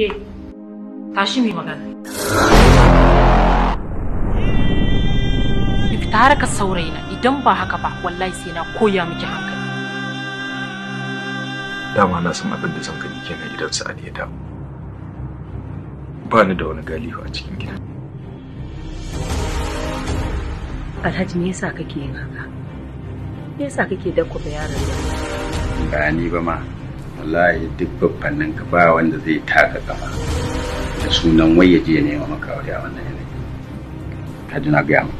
있게 다시 magana. Ifta ka saurayina idan ba haka ba wallahi sai hankali. Dama na san abin da zan gani kenan idan sa'ad ya dawo. Ba ni da wani galihu a cikin gida. Alhaji me yasa kake yin haka? Me yasa Ba ni ba ma. wallahi duk babbannin ka ba wanda zai taka kafa da sunan waye je ne maka makawari a wannan yanayi ka gaya mu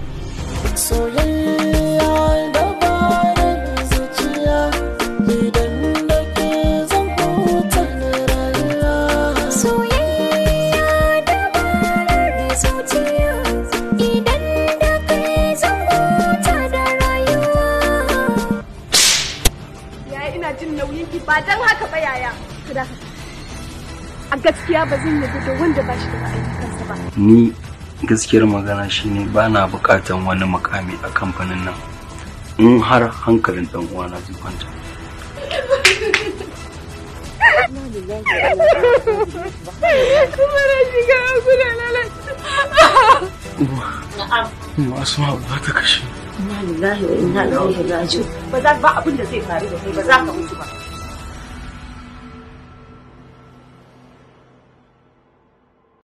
ina jin nauyin ki ba dan haka ba yaya kada a gaskiya ba zan yi da wanda ba shi da ra'ayin ba ni gaskiyar magana shine ba na bukatan wani makami a kamfanin nan in har hankalin dan uwana zai kwanta Mara shiga gudanar. Na'am. Asma ba ta kashe. Inna lillahi wa inna ilaihi raji'un. Ba za ba abin da zai faru da kai ba za ka mutu ba.